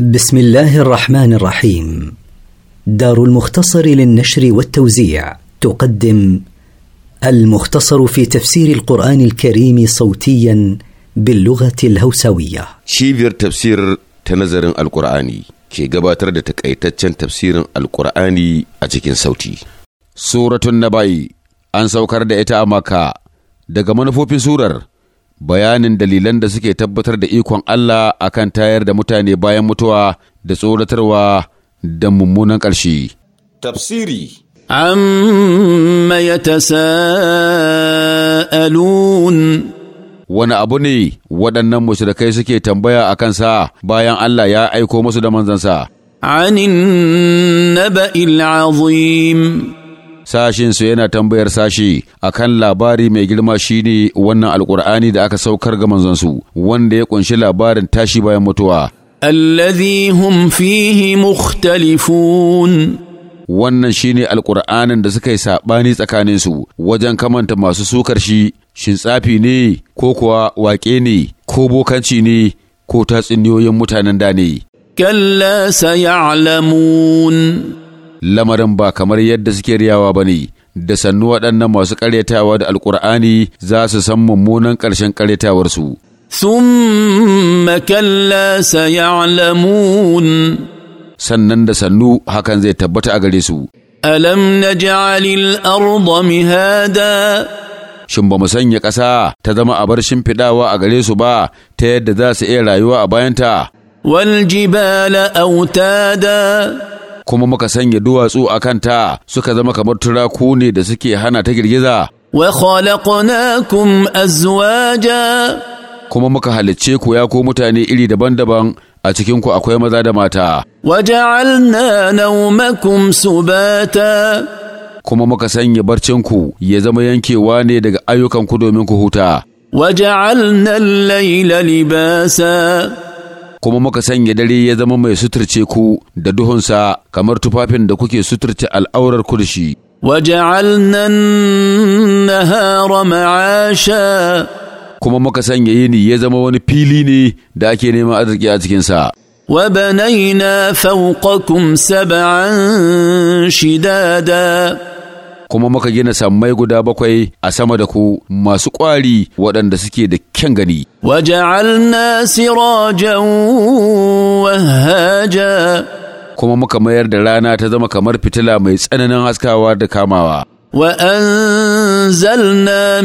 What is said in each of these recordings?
بسم الله الرحمن الرحيم دار المختصر للنشر والتوزيع تقدم المختصر في تفسير القرآن الكريم صوتيا باللغة الهوسوية شيفير تفسير تنظر القرآني كي قباتر تكأيتتشن تفسير القرآني أتكين صوتي سورة النبي أنسو كرد إتامك أماكا دقمان فوبين سورر bayanin dalilan da suke tabbatar da ikon Allah akan tayar da mutane bayan mutuwa da tsoratarwa da mummunan ƙarshe. Tafsiri Amma ya tasa'alun Wani abu ne waɗannan mushrikai suke tambaya a kansa bayan Allah ya aiko musu da manzansa. Anin naba'il azim sashin su yana tambayar sashi akan labari mai girma shine wannan alkur'ani da aka saukar ga manzansu wanda ya kunshi labarin tashi bayan mutuwa allazi hum fihi mukhtalifun wannan shine alkur'anin da suka yi saɓani tsakaninsu wajen kamanta masu sukar shi shin tsafi ne ko kuwa waƙe ne ko bokanci ne ko tatsuniyoyin mutanen da ne kalla sayalamun lamarin ba kamar yadda suke riyawa ba ne da sannu waɗannan masu ƙaryatawa da alƙur'ani za su san mummunan ƙarshen ƙaryatawarsu. ثم كلا sannan da sannu hakan zai tabbata a gare su. Alam na ja'alil arda mihada Shin ba mu sanya ƙasa ta zama a bar shimfiɗawa a gare su ba ta yadda za su iya rayuwa a bayanta. Wal jibala autada kuma muka sanya duwatsu a kanta suka zama kamar turaku ne da suke hana ta girgiza. Wa azwaja kuma muka halicce ku ya ko mutane iri daban-daban a cikinku akwai maza da mata. Wa ja'alna su subata kuma muka sanya barcinku ya zama yankewa ne daga ayyukan ku domin ku huta. Wa ja'alna libasa kuma muka sanya dare ya zama mai suturce ku da duhunsa kamar tufafin da kuke suturce al'aurar ku da shi. na النهار معاشا kuma muka sanya yini ya zama wani fili ne da ake neman arziki a cikinsa. وبنينا فوقكم سبعا شدادا kuma muka gina sammai guda bakwai a sama da ku masu ƙwari waɗanda suke da kyan gani. Waja'alna sirajan wahaja kuma muka mayar da rana ta zama kamar fitila mai tsananin haskawa da kamawa. minal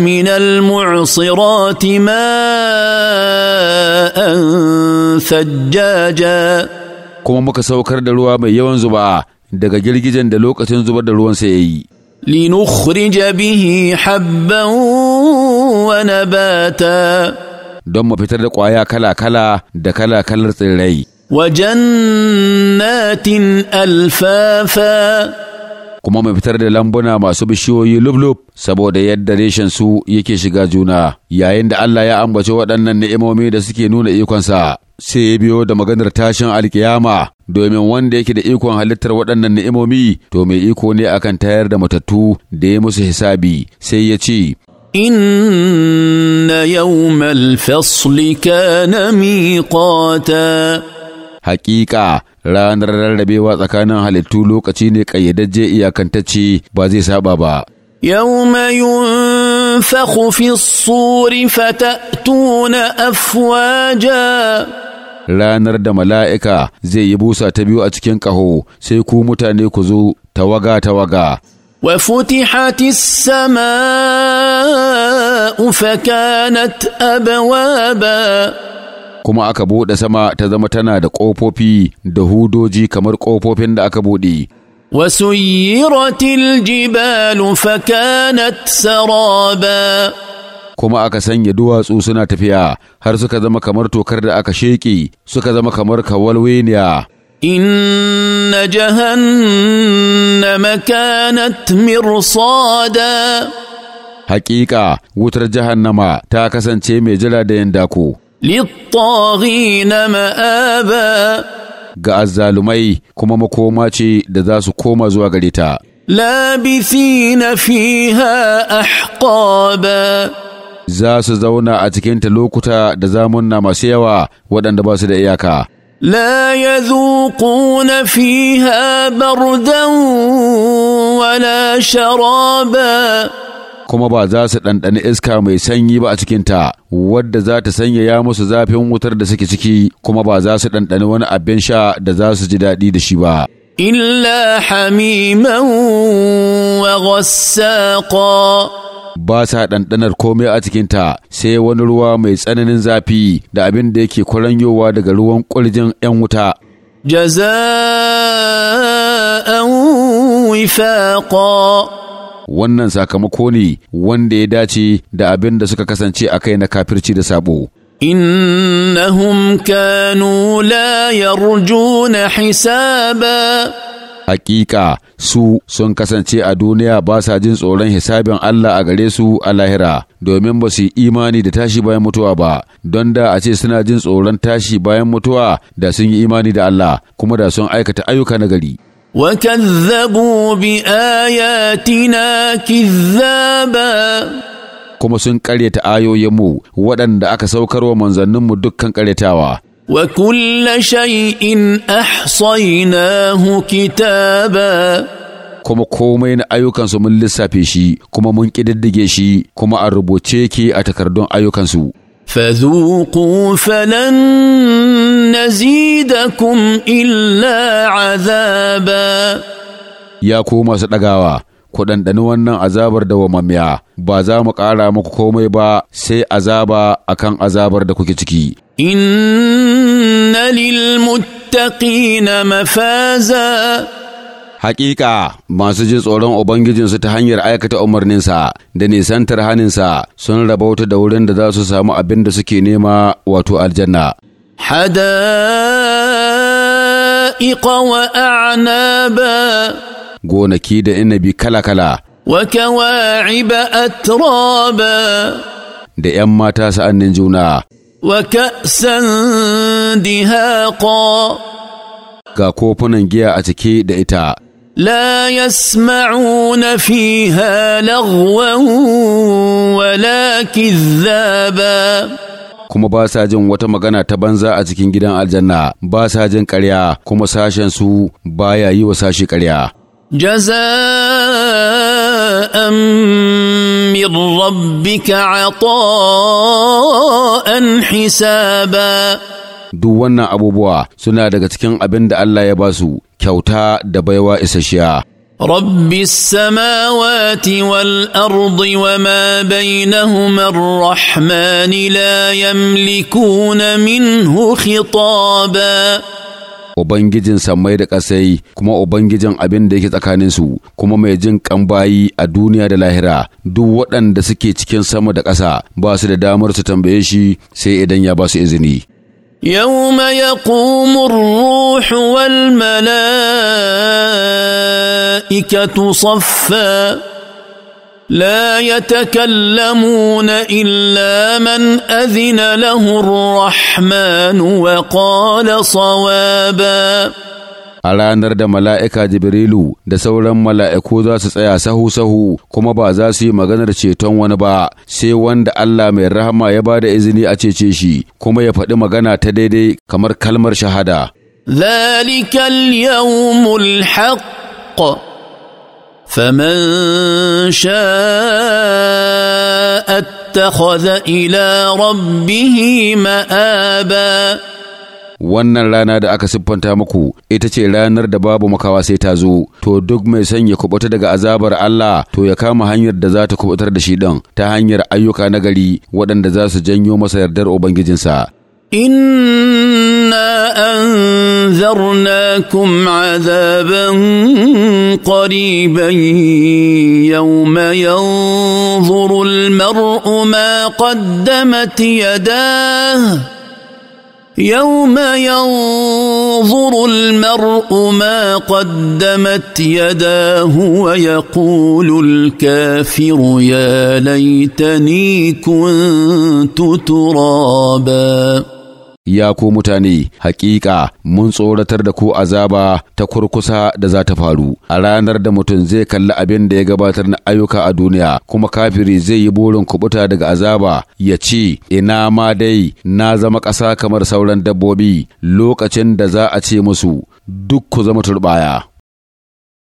من المعصرات ماء ثجاجا kuma muka saukar da ruwa mai yawan zuba daga girgijen da lokacin zubar da ruwan sai ya yi لنخرج به حبا ونباتا دم فتر قوايا كلا كلا دكلا كلر تلعي وجنات ألفافا kuma mai fitar da lambuna masu bishiyoyi lublub saboda yadda reshen su yake shiga juna yayin da Allah ya ambaci waɗannan ni'imomi da suke nuna ikonsa sai ya biyo da maganar tashin alkiyama domin wanda yake da ikon halittar waɗannan ni'imomi to mai iko ne akan tayar da matattu da ya musu hisabi sai ya ce inna يوم الفصل kana ميقاتا hakika ranar rarrabewa tsakanin halittu lokaci ne ƙayyadajje iyakantacce ba zai saba ba. يوم ينفخ في suri fata'tuna afwaja. ranar da mala'ika zai yi busa ta biyu a cikin ƙaho sai ku mutane ku zo tawaga-tawaga. Wa futihati sama fa kanat kuma aka buɗe sama ta zama tana da ƙofofi da hudoji kamar ƙofofin da aka buɗe. وسيرت jibalu fakanat saraba. kuma aka sanya duwatsu suna tafiya har suka zama kamar tokar da aka sheƙe suka zama kamar kawalweniya. Inna jahannama kanat mirsada Hakika wutar jahannama ta kasance mai jira da yin dako. للطاغين مآبا ga azzalumai kuma makoma ce da za su koma zuwa gare ta. Labithina fiha ahqaba Za su zauna a cikinta lokuta da zamunna masu yawa waɗanda ba su da iyaka. لا يذوقون فيها بردا ولا شرابا kuma ba za su ɗanɗani iska mai sanyi ba a cikinta wadda za ta sanyaya musu zafin wutar da suke ciki kuma ba za su ɗanɗani wani abin sha da za su ji daɗi da shi ba. Illa hamiman wa ba sa ɗanɗanar komai a cikinta sai wani ruwa mai tsananin zafi da abin da yake kwaranyowa daga ruwan ƙurjin 'yan wuta. Jaza'an wifaqa wannan sakamako ne wanda ya dace da abin da suka kasance a kai na kafirci da sabo innahum kanu la yarjuna hisaba hakika su sun kasance a duniya ba sa jin tsoron hisabin Allah a gare su a lahira domin ba su yi imani da tashi bayan mutuwa ba don da a ce suna jin tsoron tashi bayan mutuwa da sun yi imani da Allah kuma da sun aikata ayyuka na gari وكذبوا بآياتنا كذابا kuma sun ƙaryata ayoyinmu waɗanda aka saukar wa manzanninmu dukkan ƙaryatawa. Wa kulla shay'in ahsaynahu kitaba kuma komai na ayyukansu mun lissafe shi kuma mun ƙididdige shi kuma a rubuce ke a takardun ayyukansu. فذوقوا فلن نزيدكم إلا عذابا يا كوما سدقاوا ku ɗanɗana wannan azabar da wamammiya ba za mu ƙara maku komai ba sai azaba a kan azabar da kuke ciki. Inna lil muttaqina mafaza Hakika masu jin tsoron Ubangijinsu ta hanyar aikata umarninsa da nisantar haninsa sun rabauta da wurin da za su samu abin da suke nema wato aljanna. hada wa a'naba Gonaki da inabi kala-kala. Wa atraba Da ‘yan mata sa'annin juna. Wa ka'san haƙo. Ga kofunan giya a cike da ita. لا يسمعون فيها لغوا ولا كذابا kuma ba sa jin wata magana ta banza a cikin gidan aljanna ba sa jin ƙarya kuma sashen su baya yi wa sashi ƙarya jaza'an min rabbika 'ata'an hisaba duk wannan abubuwa suna daga cikin abin da Allah ya ba su kyauta da baiwa isasshiya. رب السماوات wa وما بينهما الرحمن لا يملكون منه خطابا Ubangijin samai da ƙasai kuma Ubangijin abin da yake tsakaninsu kuma mai jin bayi a duniya da lahira duk waɗanda suke cikin sama da ƙasa ba su da damar su tambaye shi sai idan ya ba su izini. يوم يقوم الروح والملائكه صفا لا يتكلمون الا من اذن له الرحمن وقال صوابا a ranar da mala'ika Jibrilu da sauran mala'iku za su tsaya sahu-sahu kuma ba za su yi maganar ceton wani ba sai wanda Allah mai rahama ya ba da izini a cece shi kuma ya faɗi magana ta daidai kamar kalmar shahada. ذلك اليوم الحق فمن شاء اتخذ الى ربه مآبا wannan rana da aka siffanta muku ita ce ranar da babu makawa sai ta zo to duk mai son ya kubuta daga azabar Allah to ya kama hanyar da za ta kubutar da shi ɗin ta hanyar ayyuka na gari waɗanda za su janyo masa yardar ubangijinsa inna انذرناكم عذابا قريبا يوم ينظر المرء ما قدمت يداه يوم ينظر المرء ما قدمت يداه ويقول الكافر يا ليتني كنت ترابا ya ko mutane hakika mun tsoratar da ku azaba ta kurkusa da za ta faru a ranar da mutum zai kalli abin da ya gabatar na ayyuka a duniya kuma kafiri zai yi burin kubuta daga azaba ya ce ina ma dai na zama ƙasa kamar sauran dabbobi lokacin da za a ce musu duk ku zama turbaya